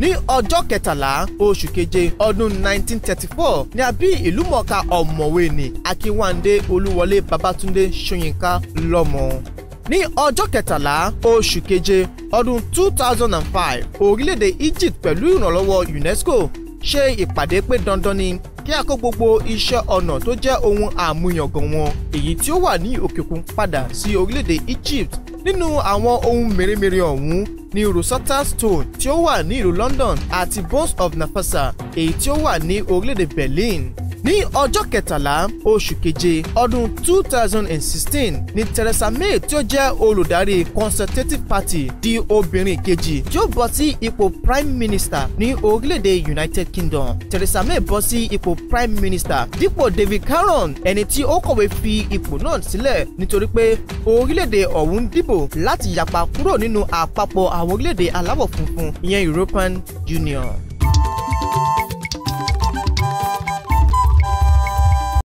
ní ọjọ́ kẹtàlá oṣù keje ọdún 1934 ni a bí ìlúmọ̀ọ́ká ọ̀mọ̀wé ni akínwándé olúwọlé babátúndé ṣóyínká lọ́mọ. ní ọjọ́ kẹtàlá oṣù keje ọdún 2005 orílẹ̀-èdè Egypt pẹ̀lú ìrànlọ́wọ́ UNESCO ṣe ìpàdé pé dandan ni kí a kó gbogbo iṣẹ́ ọnà tó jẹ́ ohun àmúyangàn wọn èyí tí ó wà ní òkè òkun padà sí orílẹ̀-èdè Egypt nínú àwọn ohun mèremère ọ̀hún ní Rosetta Stone tí ó wà ní ìlú London àti Bones of Nafasa èyí tí ó wà ní orílẹ̀-èdè Berlin ní ọjọ́ kẹtàlá oṣù keje ọdún two thousand and sixteen ní Theresa May tí ó jẹ́ olùdarí Conservative Party di obìnrin kejì tí ó bọ́ sí ipò prime minister ní orílẹ̀-èdè United Kingdom Theresa May bọ́ sí ipò prime minister dípò David Cameron ẹni tí ó kọ̀wé fi ipò náà sílẹ̀ nítorí pé orílẹ̀-èdè ọ̀hún dìbò láti yapa kúrò nínú àpapọ̀ àwọn orílẹ̀-èdè aláwọ̀ funfun ìyẹn European Union.